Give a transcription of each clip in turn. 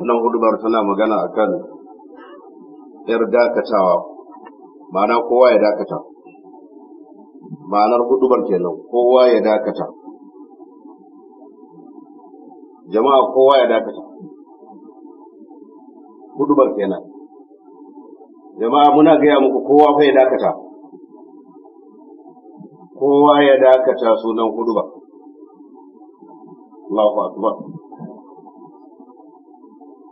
wannan hudubar tana magana akan yar dakatawa ma'ana kowa ya dakata ma'anar hudubar kenan kowa ya dakata jama'a kowa ya dakata hudubar kenan jama'a muna gaya muku kowa fa ya dakata kowa ya dakata sunan hudubar Allahu akbar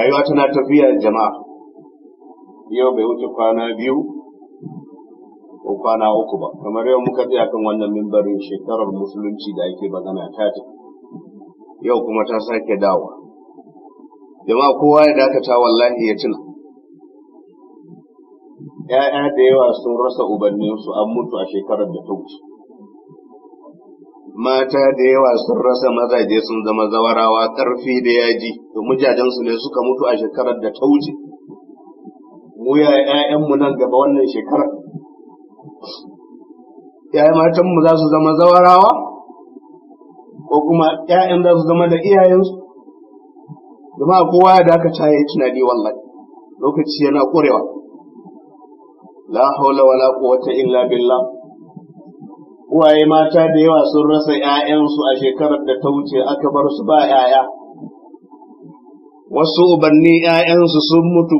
rayuwa tana tafiya jama'a yau bai wuce kwana biyu ko kwana uku ba kamar yau muka tsaya kan wannan mimbarin shekarar musulunci da ake bagana ta ce yau kuma ta sake dawa jama'a kowa ya dakata wallahi ya tuna ‘ya'ya da yawa sun rasa ubanninsu an mutu a shekarar da ta wuce mata da yawa sun rasa mazaje sun zama zawarawa ƙarfi da yaji to mujajensu ne suka mutu a shekarar da ta wuce mu ya ƴaƴanmu nan gaba wannan shekarar ƴaƴan matanmu za su zama zawarawa ko kuma ƴaƴan za su zama da iyayensu zama kowa da aka yi tunani wallahi lokaci yana ƙurewa la hawla wala quwwata illa billah uwaye mata da yawa sun rasa ‘ya'yansu a shekarar da ta wuce aka bar su ba ‘ya'ya, wasu ubanni ‘ya'yansu sun mutu,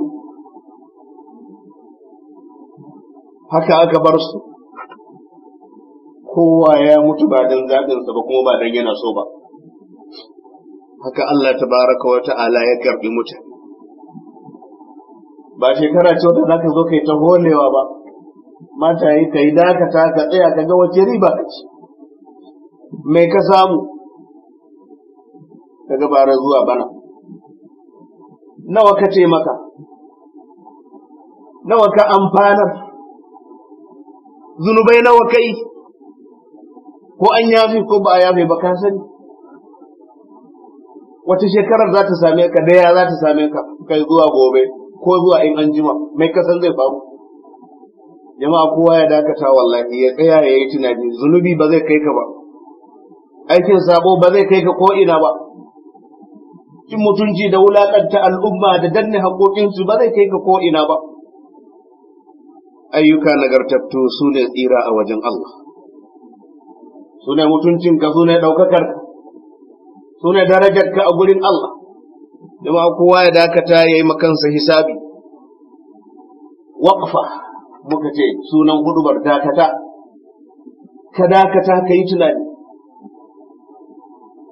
haka aka bar su, kowa ya mutu ba don zaɓinsa ba kuma ba don yana so ba, haka Allah ta baraka wa ta'ala ya karɓi mutane. Ba shekara ce wadda za ka zo kai ta holewa ba. mata yi ka yi dakata ka tsaya ka ga wace riba ka ci mai ka samu ka bara zuwa bana nawa ka ce maka nawa ka amfanar zunubai nawa kai ko an yafi ko ba a yafi ba ka sani wata shekarar za ta same ka daya za ta same ka kai zuwa gobe ko zuwa in an jima mai kasan zai faru jama'a kowa ya dakata wallahi ya tsaya ya yi tunani zunubi ba zai kai ka ba aikin sabo ba zai kai ka ko ina ba cin mutunci da wulakanta al'umma da danne haƙoƙinsu ba zai kai ka ko ina ba ayyuka nagartattu su ne tsira a wajen Allah su ne mutuncinka su ne ɗaukakar su ne darajarka a gurin Allah jama'a kowa ya dakata ya yi makansa hisabi waqfa muka ce sunan gudubar dakata ka dakata ka yi tunani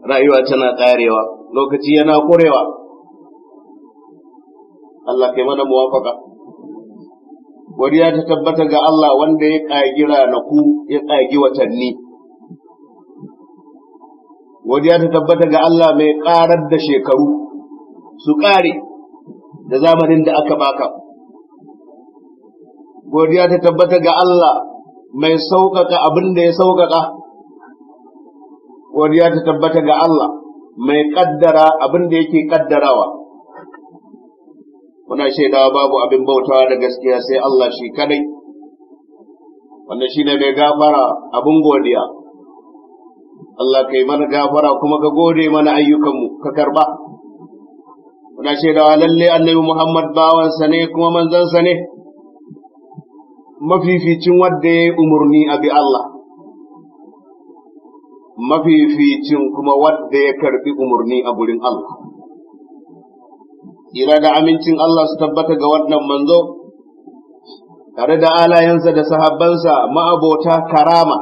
rayuwa tana ƙarewa lokaci yana ƙurewa Allah kai mana muwafaka wariya ta tabbata ga Allah wanda ya ƙagi ranaku ya ƙagi watanni wariya ta tabbata ga Allah mai ƙarar da shekaru su ƙare da zamanin da aka baka godiya ta tabbata ga Allah mai sauƙaƙa abin da ya sauƙaƙa godiya ta tabbata ga Allah mai ƙaddara abin da yake ƙaddarawa muna shaidawa babu abin bautawa da gaskiya sai Allah shi kadai wanda shi ne mai gafara abin godiya Allah kai mana gafara kuma ka gode mana ayyukanmu ka karba muna shaidawa lalle annabi Muhammad bawansa ne kuma manzansa ne mafificin wadda ya umarni a bi Allah, mafificin kuma wadda ya karbi umarni a gurin Allah. Ira da amincin Allah su tabbata ga wannan manzo, tare da alayensa da sahabbansa ma'abota karama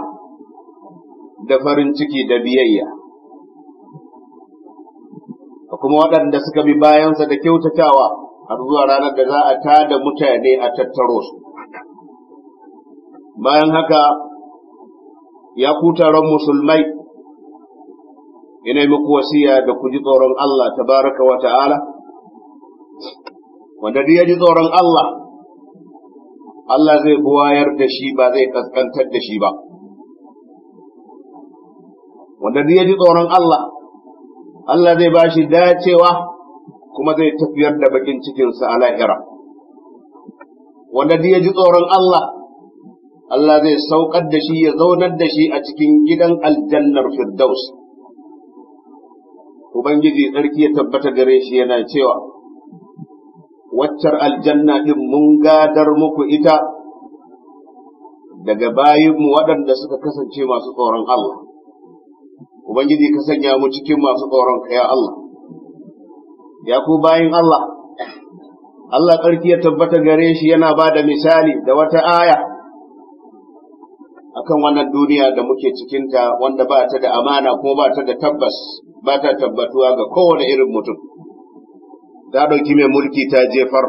da farin ciki da biyayya. kuma waɗanda suka bi bayansa da kyautatawa a zuwa ranar da za a tada mutane a tattaro su. bayan haka ya ku taron musulmai ina muku wasiya da ku ji tsoron Allah tabaraka wa ta'ala wanda duk ya ji tsoron Allah Allah zai buwayar da shi ba zai kaskantar da shi ba wanda duk ya ji tsoron Allah Allah zai ba shi dacewa kuma zai tafiyar da bakin cikinsa a lahira wanda duk ya ji tsoron Allah Allah zai saukar da shi ya zaunar da shi a cikin gidan aljannar Firdaus. Ubangiji tsarki ya tabbata gare shi yana cewa, Waccar aljanna ɗin mun gadar muku ita daga bayinmu waɗanda suka kasance masu tsoron Allah. Ubangiji ka sanya mu cikin masu tsoron ya Allah. Ya ku bayin Allah, Allah tsarki ya tabbata gare shi yana ba da misali da wata aya. akan wannan duniya da muke cikinta wanda ba ta da amana kuma ba ta da tabbas ba ta tabbatuwa ga kowane irin mutum ta ɗauki mai mulki ta jefar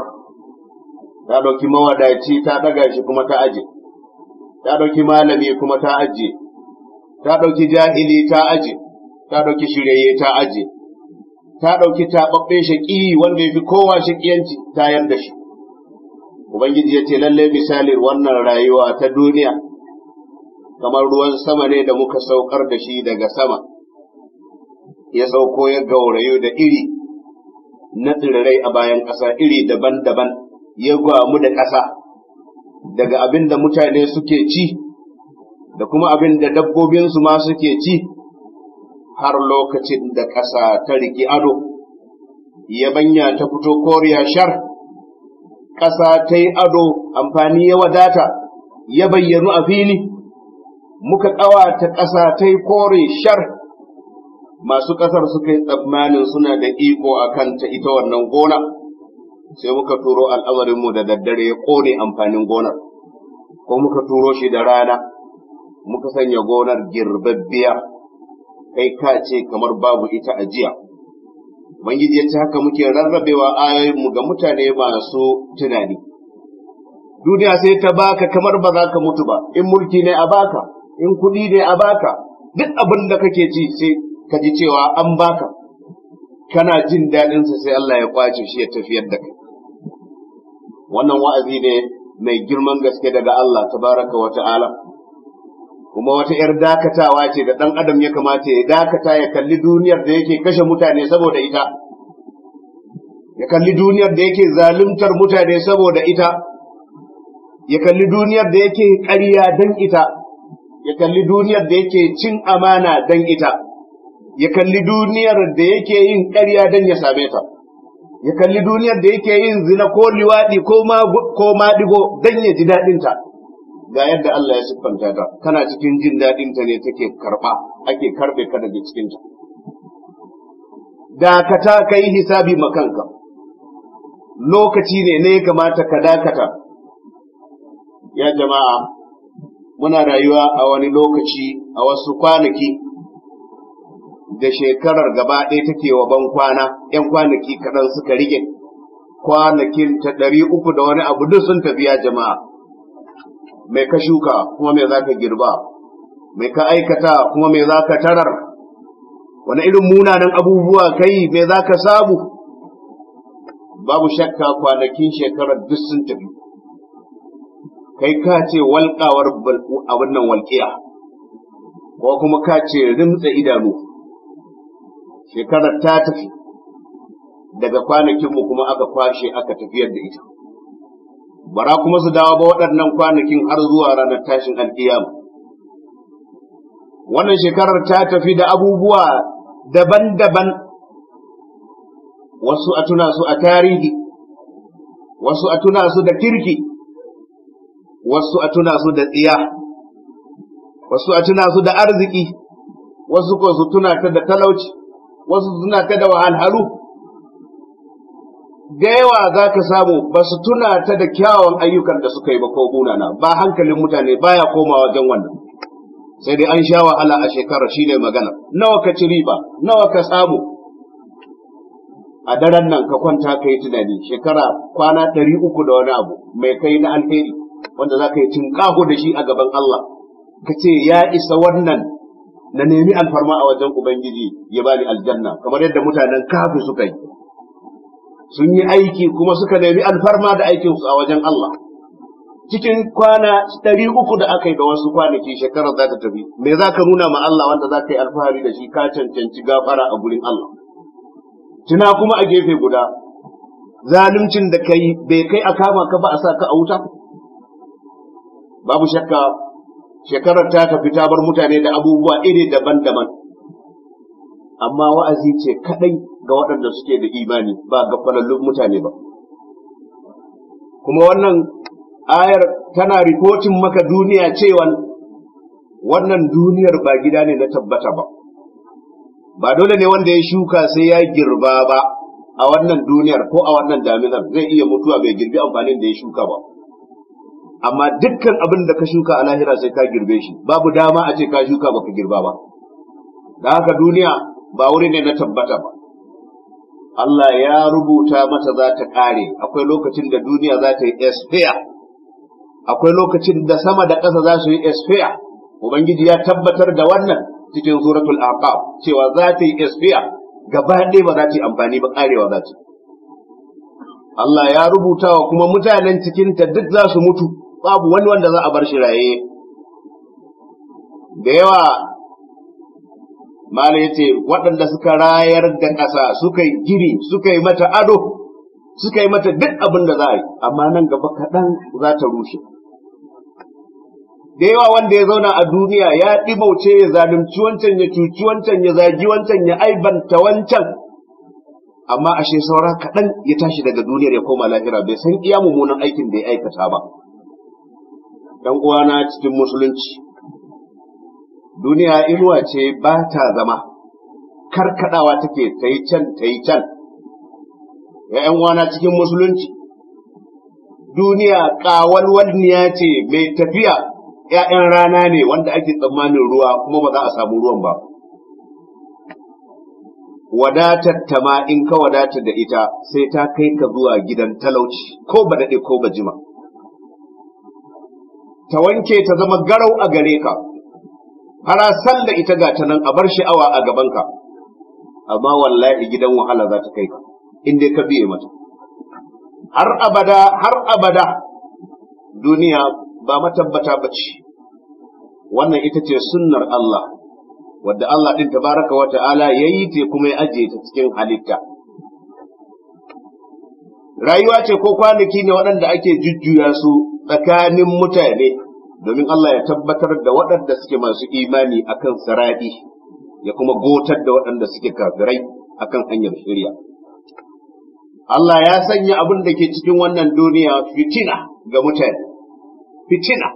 ta ɗauki mawadaci ta ɗaga shi kuma ta aje ta ɗauki malami kuma ta aje ta ɗauki jahili ta aje ta ɗauki shiryayye ta aje ta ɗauki taɓaɓɓen shaƙi wanda ya fi kowa shaƙiyanci ta yarda shi ubangiji ya ce lallai misalin wannan rayuwa ta duniya kamar ruwan sama ne da muka saukar da shi daga sama, ya sauko ya gaurayo da iri na tsirrai a bayan ƙasa iri daban-daban ya gwamu da ƙasa daga abin da mutane suke ci da kuma abin da dabbobinsu ma suke ci har lokacin da ƙasa ta riki ado ya banya ta fito koriya shar ƙasa ta yi ado amfani ya wadata ya bayyanu a fili muka ƙawata ƙasa ta yi kore shar masu ƙasar suka yi tsammanin suna da iko a kan ta ita wannan gona sai muka turo al'amarinmu da daddare ya ƙone amfanin gonar ko muka turo shi da rana muka sanya gonar girbabbiya kai ka ce kamar babu ita a jiya Ubangiji ya ce haka muke rarrabewa ayoyinmu ga mutane masu tunani. duniya sai ta baka kamar ba za ka mutu ba in mulki ne a baka in kuɗi ne a baka duk abin da kake ci sai ka ji cewa an baka kana jin daɗinsa sai Allah ya kwace shi ya tafiyar da kai wannan wa'azi ne mai girman gaske daga Allah tabaraka wa ta'ala kuma wata ‘yar dakatawa ce da ɗan adam ya kamata ya dakata ya kalli duniyar da yake kashe mutane saboda ita ya kalli duniyar da yake zaluntar mutane saboda ita ya kalli duniyar da yake ƙarya don ita ya kalli duniyar da yake cin amana dan ita ya kalli duniyar da yake yin ƙarya dan ya same ta ya kalli duniyar da yake yin zina ko liwaɗi ko maɗigo dan ya ji daɗin ta ga yadda Allah ya siffanta ta kana cikin jin daɗin ta ne take karɓa ake karɓe ka daga cikin ta dakata kai hisabi makanka lokaci ne ne kamata ka dakata ya jama'a muna rayuwa a wani lokaci a wasu kwanaki da shekarar gaba ɗaya take wa ban kwana ‘yan kwanaki kaɗan suka rige kwanakin ta ɗari uku da wani abu duk sun tafiya jama'a mai ka shuka kuma mai za girba mai ka aikata kuma mai za tarar wani irin munanan abubuwa kai mai za ka samu babu shakka kwanakin shekarar duk sun tafi kai ka ce walƙawar abin nan walƙiya ko kuma ka ce rimtsa idanu shekarar ta tafi daga kwanakinmu kuma aka kwashe aka tafiyar da ita bara kuma su dawo ba waɗannan kwanakin har zuwa ranar tashin alƙiyama wannan shekarar ta tafi da abubuwa daban-daban wasu a tuna su a tarihi wasu a tuna su da kirki wasu a tuna su da tsiya wasu a tuna su da arziki wasu ko su tuna ta da talauci wasu suna ta da wahalhalu da yawa za ka samu ba su tuna ta da kyawun ayyukan da suka yi ba ko munana ba hankalin mutane baya komawa wajen wannan sai dai an sha wahala a shekarar ne magana nawa ka ci riba nawa ka samu a daren nan ka kwanta ka yi tunani shekara kwana ɗari uku da wani abu mai kai na alheri wanda za ka yi tunƙaho da shi a gaban Allah ka ce ya isa wannan na nemi alfarma a wajen Ubangiji ya bani aljanna kamar yadda mutanen kafi suka yi sun yi aiki kuma suka nemi alfarma da su a wajen Allah cikin kwana ɗari uku da aka yi da wasu kwanaki shekarar za ta tafi me za ka nuna ma Allah wanda za ka yi alfahari da shi ka cancanci gafara a gurin Allah tuna kuma a gefe guda zaluncin da kai bai kai a kama ka ba a sa ka a wuta babu shakka shekarar ta tafi ta bar mutane da abubuwa iri daban-daban amma wa'azi ce kaɗai ga waɗanda suke da imani ba ga falallun mutane ba kuma wannan ayar tana rikotin maka duniya cewa wannan duniyar ba gida ne na tabbata ba ba dole ne wanda ya shuka sai ya girba ba a wannan duniyar ko a wannan daminar zai iya mutuwa bai girbi amfanin da ya shuka ba. amma dukkan abin da ka shuka a lahira sai ka girbe shi babu dama a ce ka shuka baka girba ba da haka duniya ba wuri ne na tabbata ba Allah ya rubuta mata za ta kare akwai lokacin da duniya za ta yi esfiya akwai lokacin da sama da ƙasa za su yi esfiya ubangiji ya tabbatar da wannan cikin suratul aqab cewa za ta yi esfiya gaba ɗaya ba za ta yi amfani ba karewa za ta Allah ya rubuta wa kuma mutanen cikinta duk za su mutu babu wani wanda za a bar shi raye da yawa Malam ya ce waɗanda suka rayar da ƙasa suka yi giri suka yi mata ado suka yi mata duk abin da za a yi amma nan gaba kaɗan za ta rushe da yawa wanda ya zauna a duniya ya ɗimauce ya zalunci wancan ya cuci wancan ya zagi wancan ya aibanta wancan amma ashe saura kaɗan ya tashi daga duniyar ya koma lahira bai san iya mummunan aikin da ya aikata ba yan uwana cikin musulunci duniya inuwa ce ba ta zama karkadawa take ta yi can ta yi can ya uwana cikin musulunci duniya ƙawalwalniya ce mai tafiya ‘ya'yan rana ne wanda ake tsammanin ruwa kuma ba za a samu ruwan ba wadatar ta in ka wadata da ita sai ta kai ka zuwa gidan talauci ko ba daɗe ko ba jima. ta wanke ta zama garau a gare ka har san da ita ga ta nan a bar sha'awa a gaban ka amma wallahi gidan wahala za ta kai ka inda ka biye mata har abada har abada duniya ba matabbata ba ce wannan ita ce sunnar Allah wadda Allah ɗin tabaraka wa ta'ala ya yi te kuma ya ajiye ta cikin halitta rayuwa ce ko kwanaki ne waɗanda ake jujjuya su tsakanin mutane domin Allah ya tabbatar da waɗanda suke masu imani akan saradi ya kuma gotar da waɗanda suke kafirai akan hanyar shirya. Allah ya sanya abin da ke cikin wannan duniya fitina ga mutane, fitina,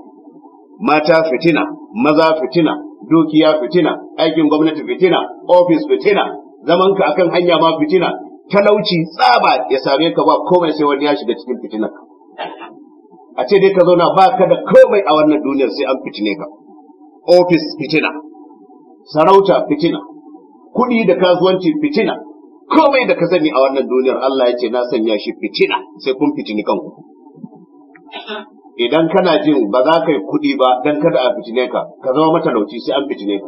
mata fitina, maza fitina, dukiya fitina, aikin gwamnati fitina, ofis fitina, zamanka akan hanya ma fitina, talauci tsaba ya same ka ba komai sai wani ya shiga cikin fitinarka. a ce dai ka zauna ba ka da komai a wannan duniyar sai an fitine ka ofis fitina sarauta fitina kuɗi da kasuwanci fitina komai da ka sani a wannan duniyar Allah ya ce na sanya shi fitina sai kun fitini kanku idan kana jin ba za ka yi kuɗi ba dan kada a fitine ka ka zama matalauci sai an fitine ka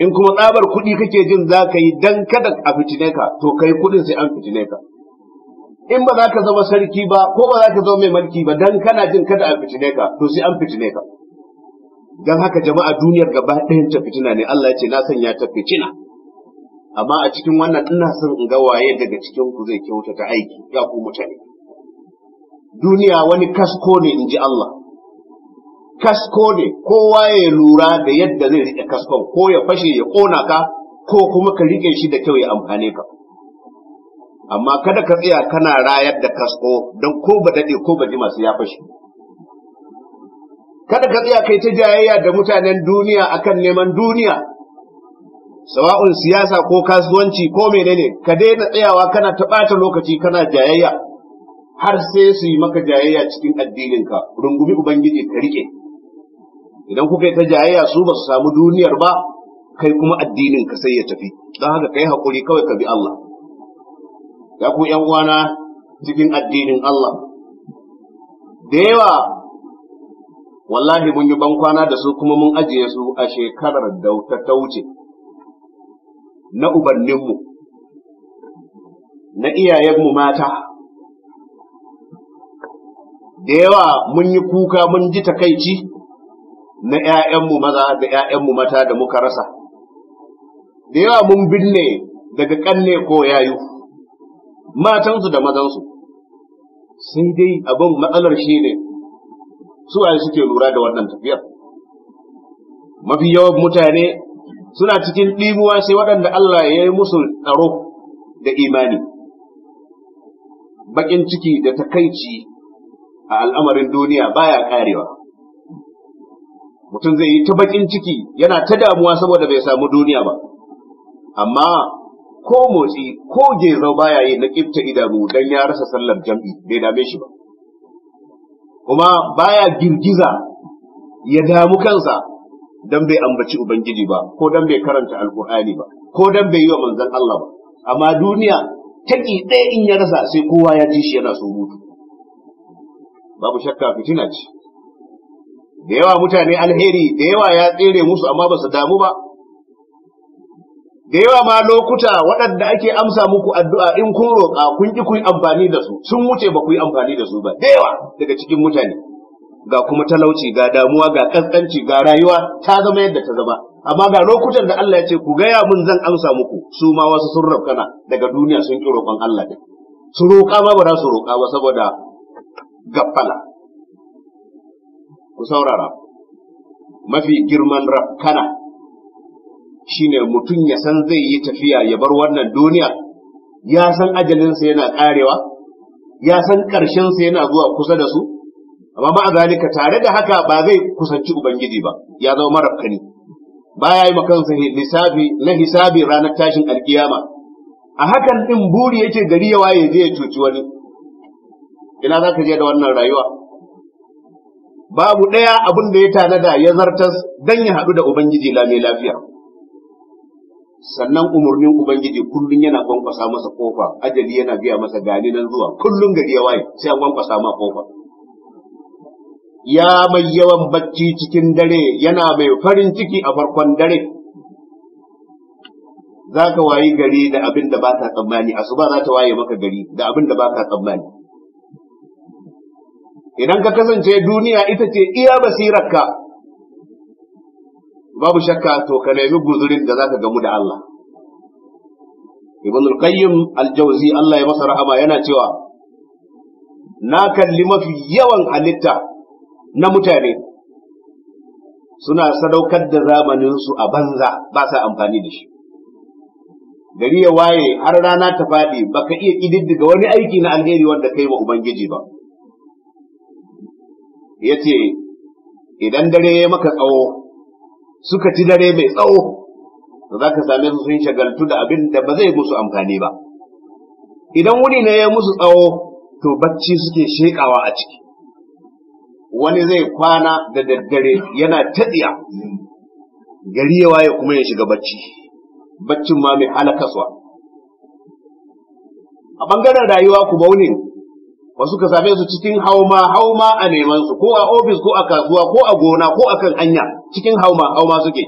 in kuma tsabar kuɗi kake jin za ka yi dan kada a fitine ka to kai kuɗin sai an fitine ka in ba za ka zama sarki ba ko ba za ka zama mai mulki ba dan kana jin kada a fitine ka to sai an fitine ka dan haka jama'a duniyar gaba ɗayan ta fitina ne Allah ya ce na sanya ta fitina amma a cikin wannan ina son in ga waye daga cikin ku zai kyautata aiki ya ku mutane duniya wani kasko ne in ji Allah kasko ne kowa ya lura da yadda zai riƙe kaskon ko ya fashe ya ƙona ka ko kuma ka riƙe shi da kyau ya amfane ka amma kada ka tsaya kana rayar da kasko don ko ba daɗe ko ba ji masu ya fashi kada ka tsaya kai ta jayayya da mutanen duniya akan neman duniya sawa'un siyasa ko kasuwanci ko menene ka daina tsayawa kana ta ɓata lokaci kana jayayya har sai su yi maka jayayya cikin addininka rungumi ubangiji ka rike idan kuka yi ta jayayya su ba su samu duniyar ba kai kuma addinin ka sai ya tafi don haka kai haƙuri kawai ka bi Allah da ku ƴan uwana cikin addinin Allah. Da yawa wallahi mun yi bankwana da su kuma mun ajiye su a shekarar da ta wuce na ubanninmu, na iyayenmu mata. da yawa mun yi kuka mun ji takaici na ‘ya'yanmu maza da ‘ya'yanmu mata da muka rasa, da yawa mun binne daga ƙanne ko yayu. matansu da mazansu sai dai abin matsalar shi ne su waye suke lura da wannan tafiyar mafi yawan mutane suna cikin ɗimuwa sai waɗanda Allah ya yi musu tsaro da imani baƙin ciki da takaici a al'amarin duniya baya ƙarewa. mutum zai yi ta baƙin ciki yana ta damuwa saboda bai samu duniya ba amma ko motsi ko gezo baya yi na kifta idanu dan ya rasa sallar jam'i bai dame shi ba kuma baya girgiza ya damu kansa dan bai ambaci ubangiji ba ko dan bai karanta alkur'ani ba ko dan bai yi wa manzon Allah ba amma duniya taki ɗaya in ya rasa sai kowa ya ji shi yana surutu babu shakka fitina ce da yawa mutane alheri da yawa ya tsere musu amma ba su damu ba da yawa ma lokuta waɗanda ake amsa muku addu'a in kun roƙa kun ƙi kun amfani da su sun wuce ba ku yi amfani da su ba da yawa daga cikin mutane ga kuma talauci ga damuwa ga ƙasƙanci ga rayuwa ta zama yadda ta zama amma ga lokutan da Allah ya ce ku gaya mun zan amsa muku su ma wasu sun rafkana daga duniya sun ƙi roƙon Allah din su roƙa ma ba za su roƙa ba saboda gaffala ku saurara mafi girman rafkana shine mutum ya san zai yi tafiya ya bar wannan duniya ya san ajalinsa yana karewa ya san ƙarshensa yana zuwa kusa da su amma ba zalika tare da haka ba zai kusanci ubangiji ba ya zama marafkani ba ya yi makansa lissafi na hisabi ranar tashin alkiyama a hakan ɗin buri yake gari ya waye zai ya cuci wani ina za ka je da wannan rayuwa babu ɗaya abin da ya tanada ya zartas don ya haɗu da ubangiji lami lafiya sannan umarnin ubangiji kullum yana gwankwasa masa kofa ajali yana biya masa gani nan zuwa kullum gari ya waye sai an gwankwasa ma kofa ya mai yawan bacci cikin dare yana mai farin ciki a farkon dare za ka wayi gari da abin da ba ka tsammani asuba za ta waye maka gari da abin da ba ka tsammani idan ka kasance duniya ita ce iya basirarka babu shakka to ka nemi guzurin da zaka gamu da Allah Ibn al-Qayyim al-Jawzi Allah ya masa rahama yana cewa na kalli mafi yawan halitta na mutane suna sadaukar da zamanin su a banza ba sa amfani da shi gari ya waye har rana ta faɗi baka iya ƙididdiga wani aiki na alheri wanda kai wa Ubangiji ba. Ya ce, Idan dare ya maka tsawo, suka ci dare mai tsawo to za ka same su sun shagaltu da abin da ba zai musu amfani ba idan wuni na ya musu tsawo to bacci suke shekawa a ciki wani zai kwana da daddare yana taɗiya gari ya kuma ya shiga bacci baccin ma mai halakaswa a ɓangaren rayuwa ku baunin wasu ka same su cikin hauma hauma a neman su ko a ofis ko a kasuwa ko a gona ko a kan hanya cikin hauma hauma suke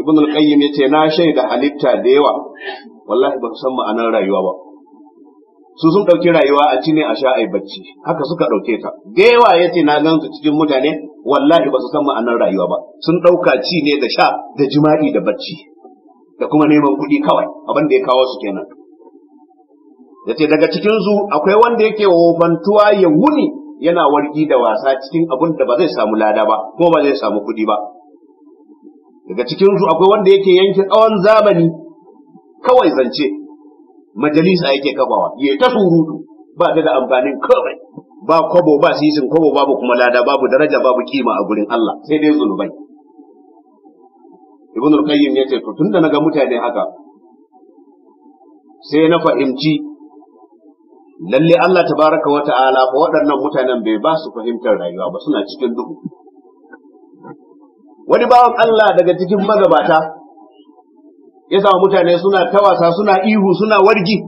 ibn al-qayyim yace na shaida halitta da yawa wallahi ba su san ma'anar rayuwa ba su sun ɗauki rayuwa a ne a sha ai bacci haka suka ɗauke ta da yawa yace na gan cikin mutane wallahi ba su san ma'anar rayuwa ba sun ɗauka ci ne da sha da jima'i da bacci da kuma neman kuɗi kawai abin da ya kawo su kenan yace daga cikin su akwai wanda yake wofantuwa ya wuni yana wargi da wasa cikin abin da ba zai samu lada ba ko ba zai samu kuɗi ba daga cikin su akwai wanda yake yanke tsawon zamani kawai zance majalisa yake kafawa ya ta surutu ba da amfanin kawai ba kwabo ba sisin kwabo babu kuma lada babu daraja babu kima a gurin Allah sai dai zunubai ibnul qayyim yace to tunda naga mutane haka sai na fahimci lalle Allah ta tabaraka wa ta'ala ba waɗannan mutanen bai ba su fahimtar rayuwa ba suna cikin duhu wani bawan Allah daga cikin magabata ya samu mutane suna tawasa suna ihu suna wargi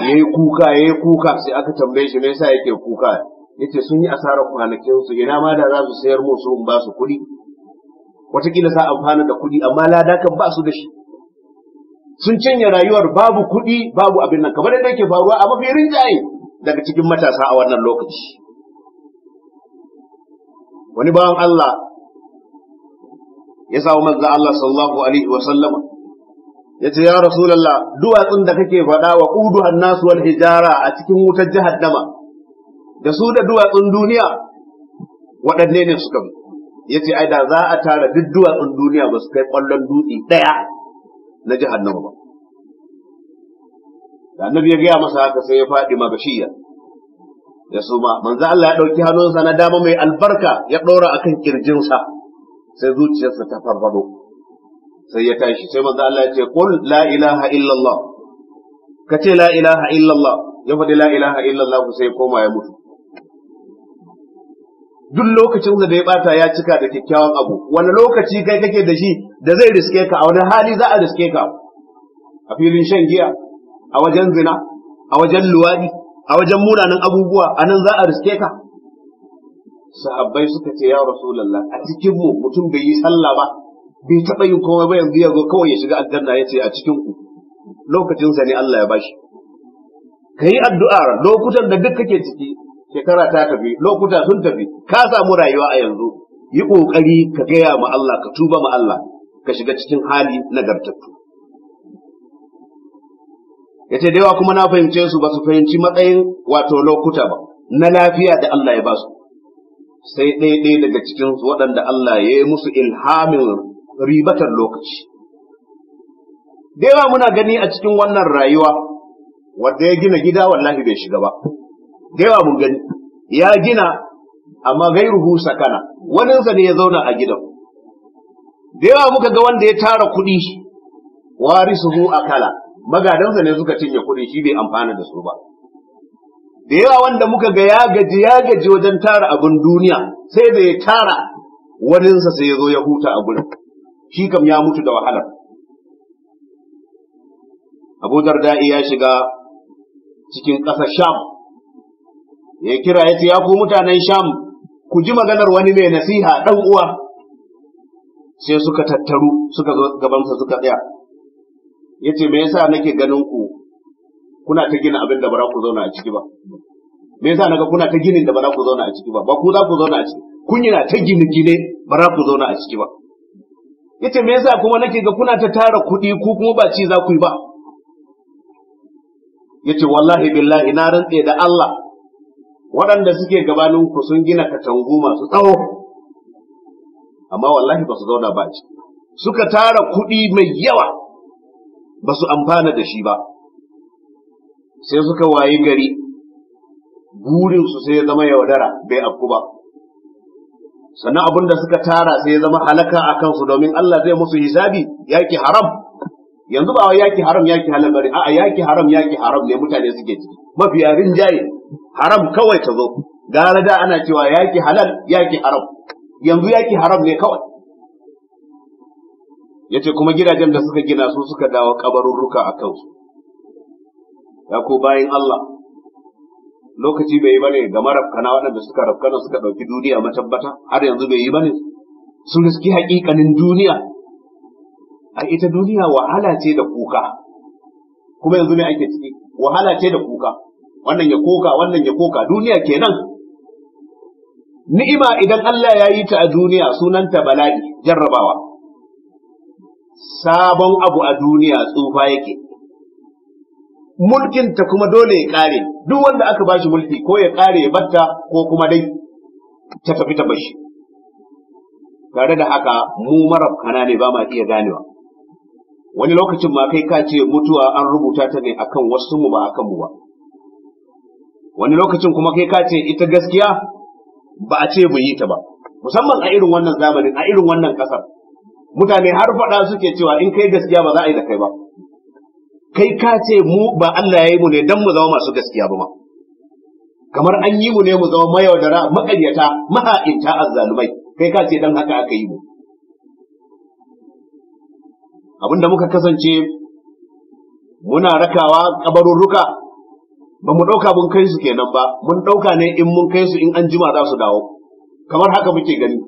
yayi kuka yayi kuka sai aka tambaye shi me yasa yake kuka yace sun yi asarar kwanakin su ina ma da za su sayar musu in ba su kuɗi wataƙila sa amfana da kuɗi amma lada kan ba su da shi sun cinye rayuwar babu kuɗi babu abin nan kamar yadda yake faruwa a mafi rinjaye daga cikin matasa a wannan lokaci wani bawan Allah ya samu manzo Allah sallallahu alaihi wa ya yace ya rasulullah duwatsun da kake faɗa wa quduhan nasu wal hijara a cikin wutar jahannama da su da duwatsun duniya waɗanne ne suka Ya yace ai da za a tara duk duwatsun duniya ba su kai ƙwallon dutse ɗaya na jahannama ba da annabi ya gaya masa haka sai ya faɗi magashiya ya suma manzo Allah ya ɗauki hannunsa na dama mai albarka ya ɗora a kan ƙirjinsa, sai zuciyarsa ta farfado sai ya tashi sai manzo Allah ya ce qul la ilaha illallah ka ce la ilaha illallah ya faɗi la ilaha illallah sai ya koma ya mutu duk lokacin da ya bata ya cika da kyakkyawan abu wani lokaci kai kake da shi da zai riske ka a wani hali za a riske ka a filin shan giya a wajen zina a wajen luwadi a wajen munanan abubuwa a nan za a riske ka sahabbai suka ce ya rasulullah a cikin mu mutum bai yi sallah ba bai taɓa yin komai ba yanzu ya kawai ya shiga aljanna ya ce a cikin ku lokacinsa ne Allah ya bashi ka yi addu'a lokutan da duk kake ciki shekara ta tafi lokuta sun tafi ka samu rayuwa a yanzu yi ƙoƙari ka gaya ma Allah ka tuba ma Allah ka shiga cikin hali nagartattu ce da yawa kuma na fahimce su ba su fahimci matsayin wato lokuta ba na lafiya da Allah ya ba su sai ɗaya daga cikin waɗanda Allah ya yi musu ilhamin ribatar lokaci da yawa muna gani a cikin wannan rayuwa wanda ya gina gida wallahi bai shiga ba yawa mun gani ya gina amma gairuhu sakana waninsa ne ya zauna a gidan da yawa muka ga wanda ya tara kuɗi a kala, magadansa ne suka cinye kuɗi shi bai amfana da su ba da yawa wanda muka ga ya gaji ya gaji wajen tara abin duniya sai da ya tara waninsa sai ya zo ya huta a gurin shi kam ya mutu da wahalar abu darda'i ya shiga cikin ƙasa sham ya kira ya ce ya ku mutanen sham ku ji maganar wani mai nasiha ɗan uwa sai suka tattaru suka zo gabansa suka tsaya ya ce me yasa nake ganin ku kuna ta gina abin da ba ku zauna a ciki ba me yasa naga kuna ta ginin da ba za ku zauna a ciki ba ba ku za ku zauna a ciki kun yana ta gine gine ba za ku zauna a ciki ba yace me yasa kuma nake ga kuna ta tara kuɗi ku kuma ba ci za ku yi ba yace wallahi billahi na rantse da Allah waɗanda suke gabanin ku sun gina katangu masu tsawo amma wallahi ba su zauna ba ci suka tara kuɗi mai yawa ba su amfana da shi ba sai suka wayi gari burinsu sai ya zama yaudara bai afku ba sannan abin da suka tara sai ya zama halaka a kansu domin Allah zai musu hisabi yaki haram yanzu ba yaki haram yaki halal bari a'a yaki haram yaki haram ne mutane suke ciki mafiya rinjaye haram kawai ta zo gara da ana cewa yaki halal yaki haram yanzu yaki haram ne kawai Ya ce kuma gidajen da suka gina su suka dawo kabarurruka a kansu ya ko bayan Allah lokaci bai yi ba ne ga marafkana waɗanda suka rafkana suka ɗauki duniya matabbata har yanzu bai yi ba ne sun riski haƙiƙanin duniya a ita duniya wahala ce da kuka kuma yanzu ne ake ciki wahala ce da kuka wannan ya koka wannan ya koka duniya kenan ni'ima idan Allah ya yi ta a duniya sunanta bala'i jarrabawa sabon abu a duniya tsufa yake mulkinta kuma dole ya ƙare duk wanda aka bashi mulki ko ya ƙare ya batta ko kuma dai ta tafi ta bashi tare da haka mu marabkana ne ba ma iya ganewa wani lokacin ma kai ka ce mutuwa an rubuta ta ne akan wasu mu ba akan mu ba wani lokacin kuma kai ka ce ita gaskiya ba a ce bai yi ta ba musamman a irin wannan zamanin a irin wannan kasar mutane har faɗa suke cewa in kai gaskiya ba za a yi da kai ba kai ka ce mu ba Allah ya yi mu ne dan mu zama masu gaskiya ba kamar an yi mu ne mu zama mayaudara maƙaryata maha'inta azzalumai kai ka ce dan haka aka yi mu abinda muka kasance muna rakawa kabarurruka ba mu ɗauka mun kai su kenan ba mun ɗauka ne in mun kai su in an jima za su dawo kamar haka muke gani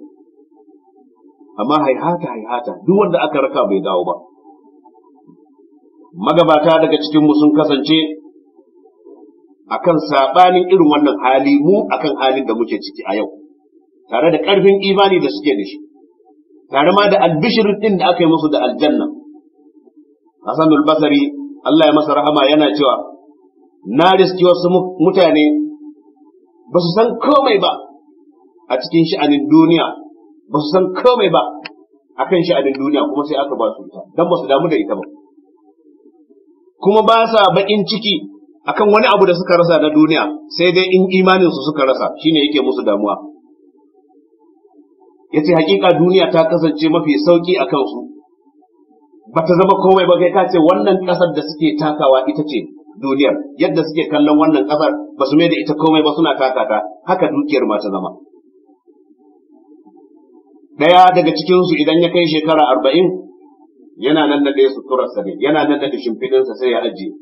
amma haihata haihata duk wanda aka raka bai dawo ba magabata daga cikin mu sun kasance akan saɓanin irin wannan hali mu akan halin da muke ciki a yau tare da ƙarfin imani da suke da shi tare ma da albishirin ɗin da aka yi musu da aljanna hasanul basari Allah ya masa rahama yana cewa na riski wasu mutane ba su san komai ba a cikin sha'anin duniya ba su san komai ba a kan sha'anin duniya kuma sai aka ba su ita don ba su damu da ita ba kuma ba sa baƙin ciki akan wani abu da suka rasa na duniya sai dai in imanin imaninsu suka rasa shine yake musu damuwa yace hakika duniya ta kasance mafi sauki a kansu ta zama komai ba kai ka ce wannan ƙasar da suke takawa ita ce duniyar yadda suke kallon wannan kasar ba su mai da ita komai ba suna ta haka dukiyar ma ta zama daya daga cikin su idan ya kai shekara arba'in yana nan da tura ne yana nan da sa sai ya ajiye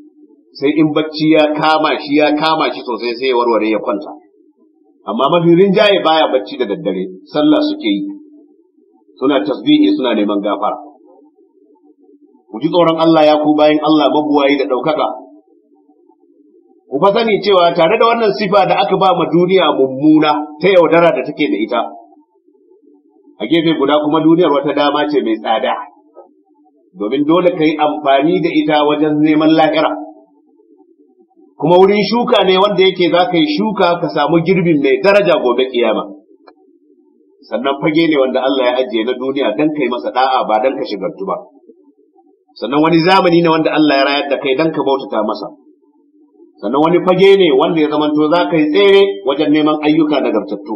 sai in bacci ya kama shi ya kama shi sosai sai ya warware ya kwanta amma mafi rinjaye baya bacci da daddare sallah suke yi suna tasbihi suna neman gafara ku ji tsoron Allah ya ku bayan Allah mabuwayi da ɗaukaka Uba sani cewa tare da wannan sifa da aka ba ma duniya mummuna ta yaudara da take da ita, a gefe guda kuma duniyar wata dama ce mai tsada, domin dole ka yi amfani da ita wajen neman lahira. Kuma wurin shuka ne wanda yake za ka yi shuka ka samu girbin mai daraja gobe kiyama. Sannan fage ne wanda Allah ya ajiye na duniya don kai masa da'a ba don ka shigartu ba. Sannan wani zamani ne wanda Allah ya rayar da kai don ka bautata masa. sannan wani fage ne wanda ya zamanto za ka yi tsere wajen neman ayyuka nagartattu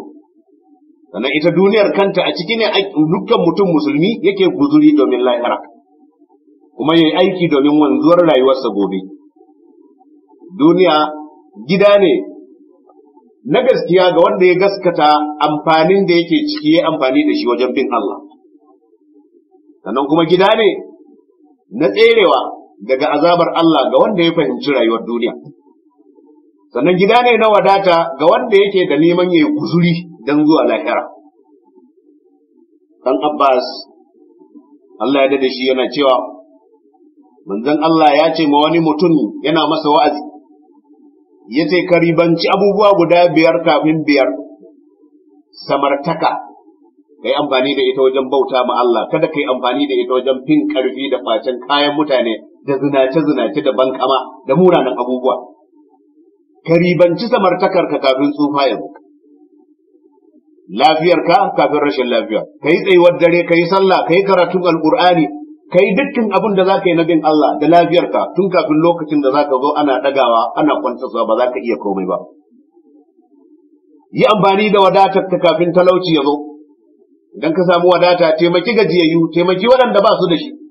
sannan ita duniyar kanta a ciki ne dukkan mutum musulmi yake guzuri domin lahira kuma ya yi aiki domin wanzuwar rayuwarsa gobe duniya gida ne na gaskiya ga wanda ya gaskata amfanin da yake ciki ya amfani da shi wajen bin Allah sannan kuma gida ne na tserewa daga azabar Allah ga wanda ya fahimci rayuwar duniya sannan gida ne na wadata ga wanda yake da neman ya yi kuzuri don zuwa lahira dan Abbas Allah ya dade shi yana cewa manzon Allah ya ce ma wani mutum yana masa wa'azi ya ce ka abubuwa guda biyar kafin biyar samartaka ka yi amfani da ita wajen bauta ma Allah kada ka yi amfani da ita wajen fin ƙarfi da facen kayan mutane da zinace zinace da bankama da munanan abubuwa ka ribanci ka kafin tsufa ya zo lafiyarka kafin rashin lafiya ka yi tsayuwar dare ka yi sallah ka yi karatun alkur'ani ka yi dukkan abin da za ka yi na bin Allah da lafiyarka tun kafin lokacin da za ka zo ana ɗagawa ana kwantarsa ba za ka iya komai ba yi amfani da wadatar ka kafin talauci ya zo idan ka samu wadata taimaki gajiyayyu taimaki waɗanda ba su da shi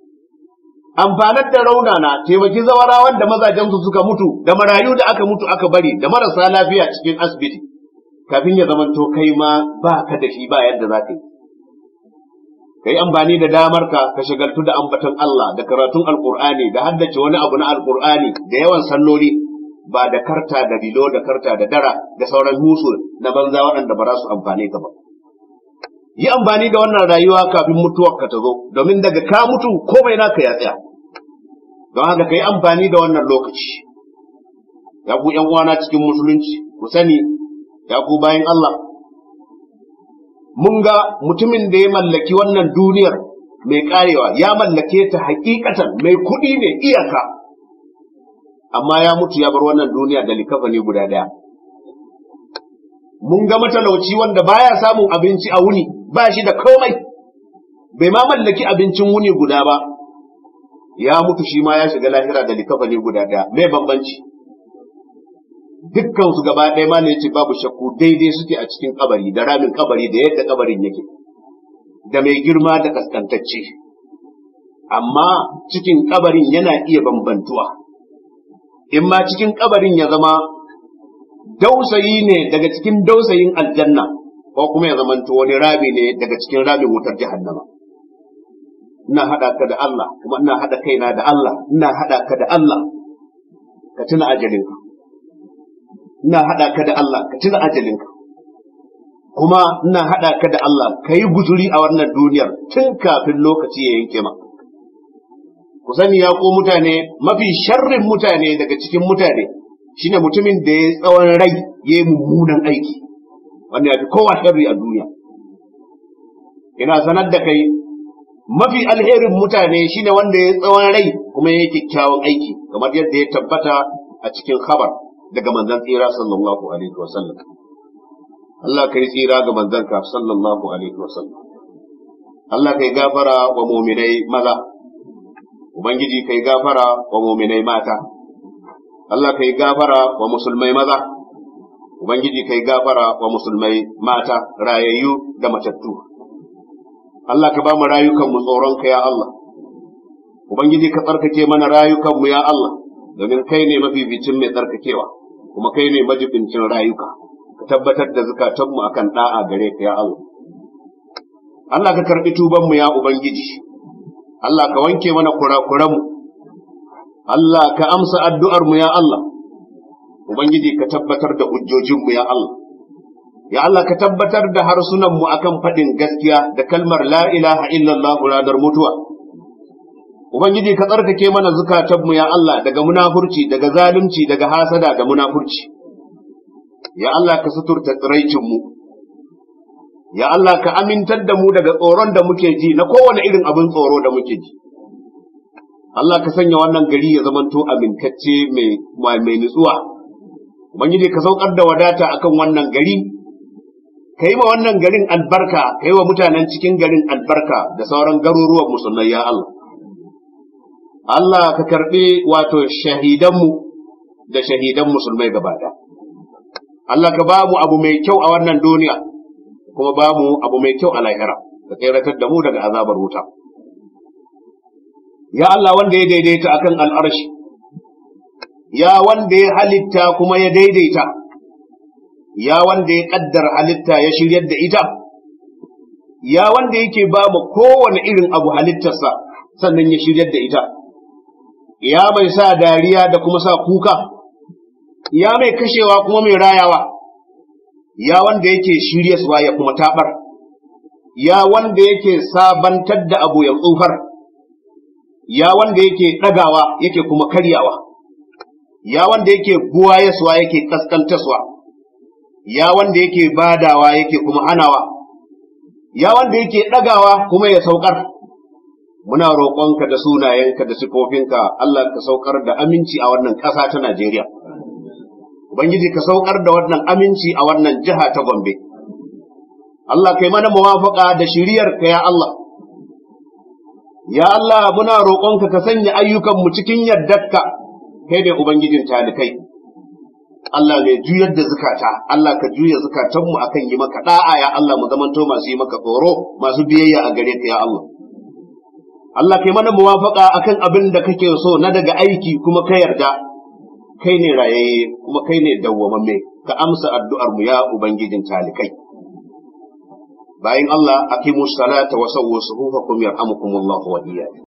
amfanar da na taimaki zawarawan da mazajensu suka mutu da marayu da aka mutu aka bari da marasa lafiya cikin asibiti kafin ya zamanto kai ma ba ka da shi ba yadda za ka yi ka yi amfani da damar ka ka shagaltu da ambaton Allah da karatun alkur'ani da haddace wani abu na alkur'ani da yawan salloli ba da karta da bilo da karta da dara da sauran musul na banza waɗanda ba za su amfane ka ba yi amfani da wannan rayuwa kafin mutuwar ka ta zo domin daga ka mutu komai naka ya tsaya don haka ka yi amfani da wannan lokaci ya ku 'yan uwana cikin musulunci ku sani ya ku bayan Allah mun ga mutumin da ya mallaki wannan duniyar mai karewa ya mallake ta hakikatan mai kuɗi ne iyaka amma ya mutu ya bar wannan duniya da likafani guda ɗaya mun ga matalauci wanda baya samun abinci a wuni ba shi da komai bai ma mallaki abincin wuni guda ba ya mutu shi ma ya shiga lahira da likafani guda daya mai bambanci dukkan su gaba ɗaya ma ne ce babu shakku daidai suke a cikin kabari da ramin kabari da yadda kabarin yake da mai girma da kaskantacce amma cikin kabarin yana iya bambantuwa in ma cikin kabarin ya zama dausayi ne daga cikin dausayin aljanna ko kuma ya zamanto wani Rabi ne daga cikin Rabi wutar jahannama ina hada ka da Allah kuma ina hada kaina da Allah ina hada ka da Allah ka tuna ajalinka ina hada ka da Allah ka tuna ajalinka kuma ina hada ka da Allah ka yi guzuri a wannan duniyar tun kafin lokaci ya yanke ma ku sani ya ko mutane mafi sharrin mutane daga cikin mutane shine mutumin da ya tsawon rai ya yi mummunan aiki wanda ya fi kowa sharri a duniya ina sanar da kai mafi alherin mutane shi ne wanda ya tsawon rai kuma ya yi kyakkyawan aiki kamar yadda ya tabbata a cikin khabar daga Manzan tsira sallallahu alaihi wa sallam Allah kai tsira ga Manzan ka sallallahu alaihi wa sallam Allah kai gafara wa mu'minai maza ubangiji kai gafara wa mu'minai mata Allah kai gafara wa musulmai maza Ubangiji kai gafara wa musulmai mata rayayyu da matattu. Allah ka ba mu rayukanmu tsoronka ya Allah, Ubangiji ka tsarkake mana rayukanmu ya Allah, domin kai ne mafificin mai tsarkakewa, kuma kai ne majibincin rayuka, ka tabbatar da zukatanmu akan ɗa'a gare ka ya Allah. Allah ka karɓi tubanmu ya Ubangiji, Allah ka wanke mana kurakuranmu, Allah ka amsa addu'armu ya Allah. ubangiji ka tabbatar da hujjojinmu ya Allah ya Allah ka tabbatar da harsunanmu akan faɗin gaskiya da kalmar la ilaha illallah ranar mutuwa ubangiji ka tsarkake mana zukatanmu ya Allah daga munafurci daga zalunci daga hasada da munafurci ya Allah ka suturta tsiraicinmu ya Allah ka amintar da mu daga tsoron da muke ji na kowane irin abin tsoro da muke ji Allah ka sanya wannan gari ya zamanto amintacce mai mai nutsuwa ubangiji ka saukar da wadata akan wannan gari ka yi ma wannan garin albarka ka yi wa mutanen cikin garin albarka da sauran garuruwan musulmai ya Allah Allah ka karɓi wato shahidanmu da shahidan musulmai gaba Allah ka ba mu abu mai kyau a wannan duniya kuma ba mu abu mai kyau a lahira ka tseratar da mu daga azabar wuta ya Allah wanda ya daidaita akan al'arshi ya wanda ya halitta kuma ya daidaita, ya wanda ya ƙaddar halitta ya shiryar da ita, ya wanda yake ba mu kowane irin abu halittarsa sannan ya shiryar da ita, ya mai sa dariya da kuma sa kuka, ya mai kashewa kuma mai rayawa, ya wanda yake shiryaswa ya kuma taɓar, ya wanda yake sabantar da abu ya tsufar, ya wanda yake ɗagawa yake kuma karyawa. ya wanda yake buwayeswa yake kaskantaswa ya wanda yake badawa yake kuma hanawa ya wanda yake ɗagawa kuma ya saukar muna roƙonka da sunayenka da sifofinka Allah ka saukar da aminci a wannan ƙasa ta Najeriya Ubangiji ka saukar da wannan aminci a wannan jiha ta Gombe Allah kai mana muwafaka da shiriyar ka ya Allah Ya Allah muna roƙonka ka sanya ayyukan mu cikin yardarka kai ne ubangijin talikai Allah mai juyar da zukata Allah ka juya zukatanmu kan yi maka ɗa'a ya Allah mu zamanto masu yi maka tsoro masu biyayya a gare ka ya Allah Allah kai mana muwafaka kan abin da kake so na daga aiki kuma ka yarda kai ne rayayye kuma kai ne dawwamamme ka amsa addu'ar mu ya ubangijin talikai bayan Allah aqimus salata wa sawwu kuma Allah wa iyyakum